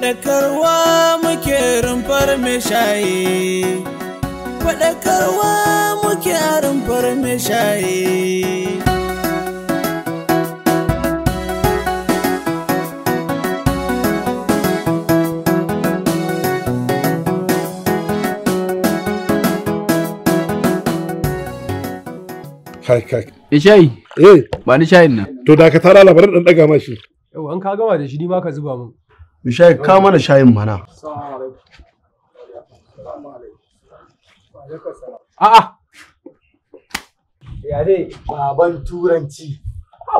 faɗakarwa muke rumfar shaye. faɗakarwa muke rumfar shaye. kai kai e shayi eh ba ni shayin nan to da ka tara labarin dan daga shi. yau an ka gama da shi ni ma ka zuba mun Bishai ka mana shayin mana. A'a. Ya dai baban turanci.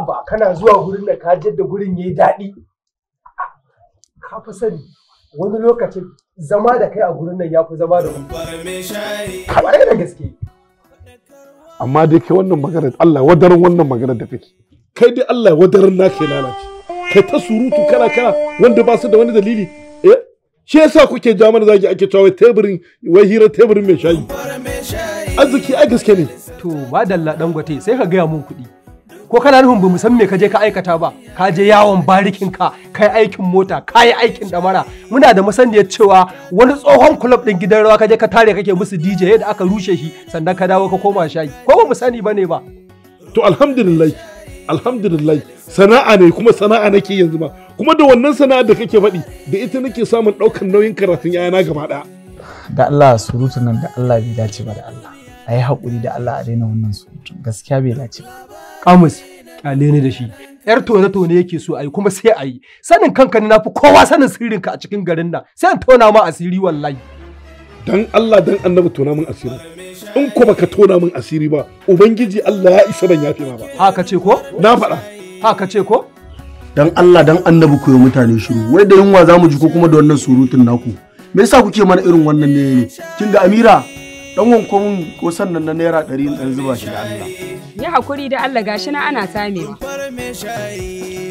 Ba kana zuwa gurin da ka da gurin yayi daɗi. Ka fi sani wani lokacin zama da kai a gurin nan ya fi zama da Kwarai da gaske. Amma dai kai wannan maganar Allah wadarin wannan maganar da kake. Kai dai Allah wadarin naka ke lalace. kai ta surutu kala kala wanda ba su da wani dalili eh shi yasa kuke ja mana zaki ake cewa teburin wai hira teburin mai shayi arziki ai gaske ne to ba dan gwate sai ka gaya mun kuɗi ko kana nufin ba san me ka je ka aikata ba ka je yawon barikin ka kai aikin mota kai aikin damara muna da masaniyar cewa wani tsohon club din gidan rawa ka je ka tare kake musu DJ da aka rushe shi sannan ka dawo ka koma shayi ko ba mu sani bane ba to alhamdulillah alhamdulillah sana'a ne kuma sana'a nake yanzu ma kuma da wannan sana'a da kake faɗi da ita nake samun ɗaukan nauyin karatun yayana gaba ɗaya da Allah surutu nan da Allah bai dace ba da Allah a yi haƙuri da Allah a daina wannan surutun gaskiya bai dace ba kamus kyale ne da shi yar tone tone yake so a yi kuma sai ayi sanin kanka na fi kowa sanin sirrinka a cikin garin nan sai an tona ma asiri wallahi dan Allah dan annabi tona min asiri in ko baka tona min asiri ba ubangiji Allah ya isa ban yafe ma ba haka ce ko na faɗa haka ce ko dan Allah dan annabi koyo mutane shiru wai da yunwa zamu ji ko kuma da wannan surutun naku me yasa kuke mana irin wannan ne kin ga Amira dan wanko ko sannan nan na naira ɗari in ɗan zuba shi da Allah. Yi hakuri da Allah gashi na ana samewa.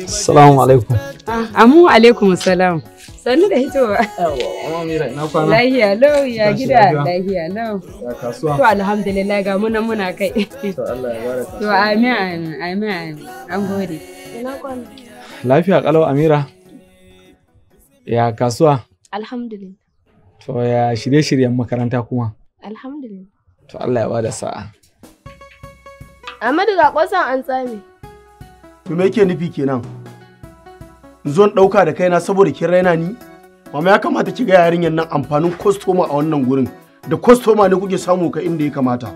Assalamu alaikum. Ah, amu alaikum salam. Sannu da hitowa. Lahiya lau ya gida lahiya lau. To alhamdulillah ga muna muna kai. To amin amin an gode. Lafiya kalau Amira. Ya kasuwa. Alhamdulillah. To ya shirye-shiryen makaranta kuma. Alhamdulillah. To Allah ya bada sa'a. Ahmadu ga kwasan an tsame. To me yake nufi kenan? Zon ɗauka da kaina saboda kin raina ni? Mama ya kamata ki ga yarinyan nan amfanin customer a wannan gurin. Da customer ne kuke samu ka inda ya kamata.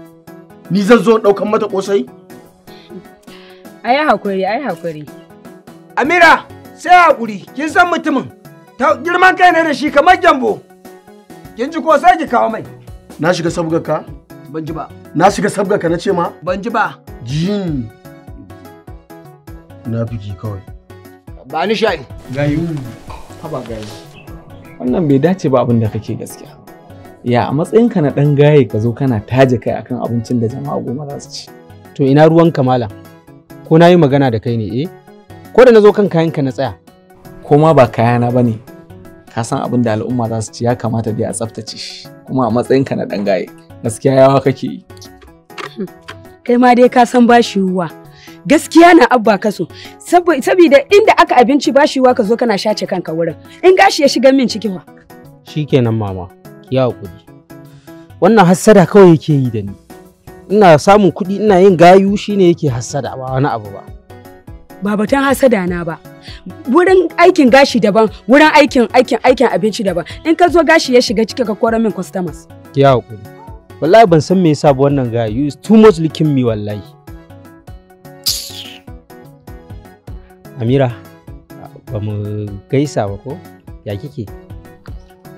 Ni zan zo ɗaukan mata kosai? Ai hakuri, ai hakuri. Amira, sai hakuri, kin san mutumin. Ta girman kai ne da shi kamar gyambo. Kin ji ko sai ki kawo mai. Na shiga sabgar Ban ji ba. Na shiga sabgar na ce ma? Ban ji ba. Jin. Na fiki kawai. Ba ni shayi. Gayu. Haba gayu. Wannan bai dace ba abin da kake gaskiya. Ya a matsayinka na ɗan gaye ka zo kana taje kai akan abincin da jama'a goma za su ci. To ina ruwan kamala? Ko na yi magana da kai ne eh? Ko da na zo kan kayanka na tsaya? Ko ma ba kayana ba ne. Ka san abin da al'umma za su ci ya kamata dai a tsaftace shi. kuma a matsayinka na ɗan gaye gaskiya yawa kake yi kai ma dai ka san bashi ruwa gaskiya na abba kaso saboda inda aka abinci bashi ruwa ka zo kana shace kanka wurin in gashi ya shiga min ciki fa shikenan mama ya hakuri wannan hassada kawai yake yi da ni ina samun kuɗi ina yin gayu shine yake hassada ba wani abu ba ba batun hassada na ba wurin aikin gashi daban wurin aikin aikin aikin abinci daban in ka zo gashi ya shiga cikin ka kora min customers ya hakuri wallahi ban san me yasa ba wannan ga you is too much looking me wallahi Amira ba mu gaisa ba ko ya kike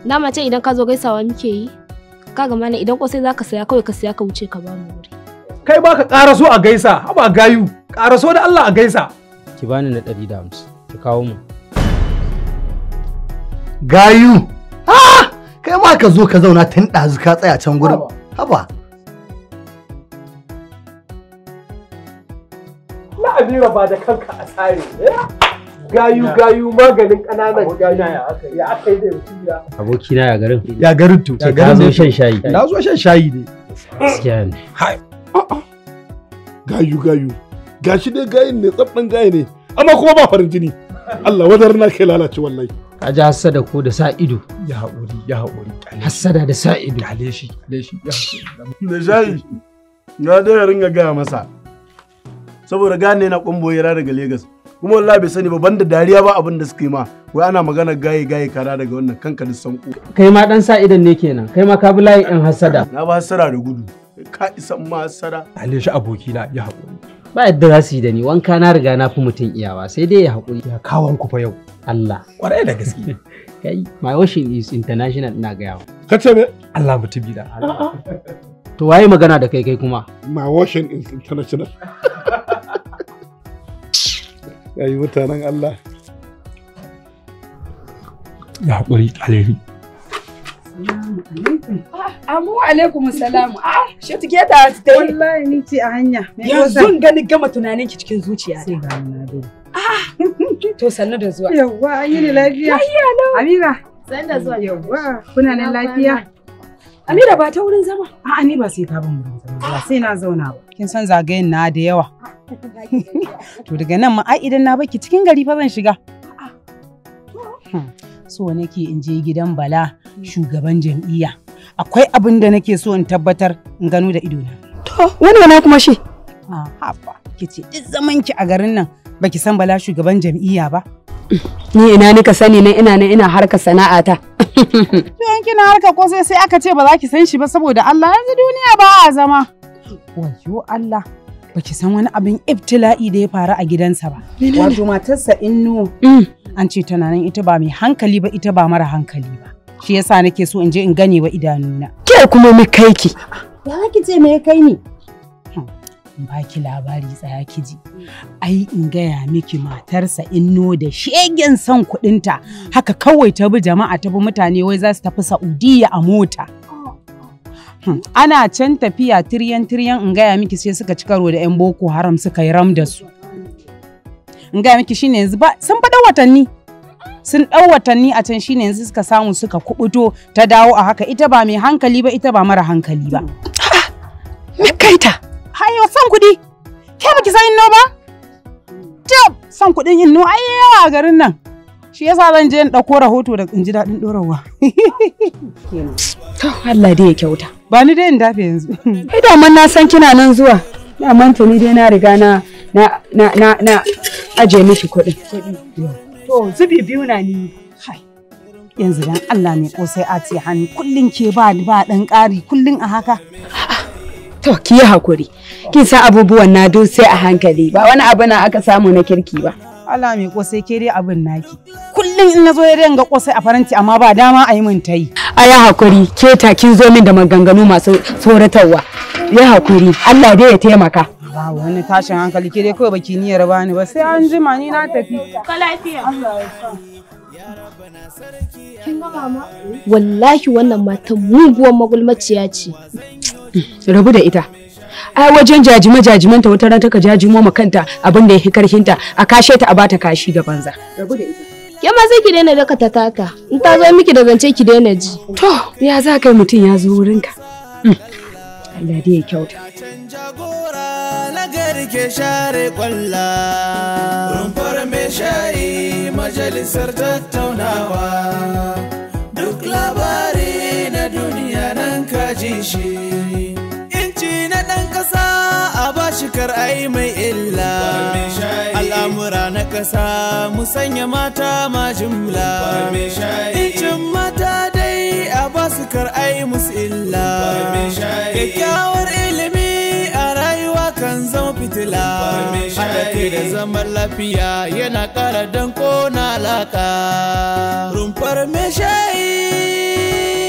na mace idan ka zo gaisawa muke yi kaga mana idan kosai zaka saya kawai ka saya ka wuce ka ba mu wuri kai baka ka so a gaisa haba gayu karaso da Allah a gaisa ki bani na 150 ka kawo mu gayu Ha? kai ma ka zo ka zauna tun ɗazu ka tsaya can gurin haba na abira ba da kanka a tsare gayu gayu maganin ƙananan gayu ya aka yi da mutum ya abokina ya garin ya garin to ya garin zo shan shayi na zo shan shayi ne gaskiya ne gayu gayu gashi dai gayin ne tsabban gayi ne amma kuma ba farin jini Allah wadar na ke lalace wallahi kaji hassada ko da sa ido ya haƙuri ya haƙuri hassada da sa ido Ya shi kale ya haƙuri da shayi na dai ringa gaya masa saboda gane na kwambo yara daga Legas kuma wallahi bai sani ba banda dariya ba abin da suke ma wai ana magana gaye gaye kara daga wannan kanka da sanko kai ma dan sa idan ne kenan kai ma ka bi layin hassada na ba hassada da gudu ka isan ma hassada kale shi abokina ya haƙuri ba yadda za su yi da ni wanka na riga na fi mutum iyawa sai dai ya haƙuri ya kawon ku fa yau Allah ƙwarai da gaske kai my ocean is international ina ga yawa ka ce me Allah mutum da to waye magana da kai kai kuma my ocean is international yayi mutanen Allah ya haƙuri alheri Assalamu alaikum. Ah, Amu alaikum salamu. Ah, shi take ta ta yi. Wallahi ni ce a hanya. Yanzu gani gama tunanin ki cikin zuciya ta. Ah, to sannu da zuwa. Yawwa, an yi ni lafiya. Lafiya lau. Amira. Sannu da zuwa. Yawwa, kuna nan lafiya. Amira ba ta wurin zama. A'a ni ba sai ta ban wurin zama. Ba sai na zauna ba. Kin san zagayen na da yawa. To daga nan ma ai idan na baki cikin gari fa zan shiga. Ah, hmm. So ke in je gidan Bala shugaban jam'iyya akwai abin da nake so in tabbatar in gano da idona to wani na kuma shi haba kice duk zaman ki a garin nan baki san bala shugaban jam'iyya ba ni ina ni ka sani na ina ne ina harka sana'ata to in kina harka ko sai sai aka ce ba za ki san shi ba saboda Allah yanzu duniya ba a zama wayo Allah baki san wani abin ibtila'i da ya faru a gidansa ba wato matarsa innu mm. an ce tana nan ita ba mai hankali ba ita ba mara hankali ba shi yasa nake so in je in gane wa idanuna ke kuma mu kai ki ya ki ce me kai ni hm, ki labari tsaya ki ji. ai in gaya miki matarsa inno da shegen son kudinta haka kawai ta bi jama'a ta bi mutane wai za su tafi saudiya a mota hm, ana can tafiya tiryan tiryan in gaya miki sai suka cika karo da yan boko haram suka yi ram da su in gaya miki shine yanzu ba sun faɗa watanni sun ɗau watanni a can shine yanzu suka samu suka kubuto ta dawo a haka ita ba mai hankali ba ita ba mara hankali ba. Me kaita? Hayo son kuɗi. Ke baki san inno ba? Ta son kuɗin inno ai yawa a garin nan. Shi yasa zan je in ɗauko rahoto da in ji daɗin ɗorawa. Allah dai ya kyauta. Ba ni dai in dafe yanzu. Ai da na san kina nan zuwa. Na manta ni dai na riga na na na na aje miki kuɗin. To zubi biyu na ni. Yanzu dan Allah ne kosai a ce hannu kullum ke ba ba dan ƙari kullum a haka. To ki yi hakuri. Kin san abubuwan na do sai a hankali ba wani abu na aka samu na kirki ba. Allah mai kosai ke dai abin naki. Kullum in nazo ya dinga kosai a faranti amma ba dama a yi min ta yi. A yi hakuri ke ta kin zo min da maganganu masu tsoratarwa. Ya hakuri Allah dai ya taimaka. wani tashin hankali ke kawai baki niyyar ba ni ba sai an jima ni na tafi. Wallahi wannan matan muguwar magulmaciya ce. Rabu da ita. ai wajen jajima jajimanta wata ran taka jajimo ma kanta abin da yake karhinta a kashe ta a bata kashi da banza rabu ma sai ki daina daka ta taka in ta zo miki da zance ki daina ji to ya za kai mutum ya zo wurinka Allah dai ya kyauta ke share kwalla rumfar mai shayi majalisar tattaunawa duk labari na duniya nan kaji shi inci na ɗan ƙasa a bashi ai mai illa al'amura na ƙasa mu sanya mata ma jumla incin mata dai a basu ai musu illa ke da zaman lafiya yana ƙara danko na alaka rumfar mai shayi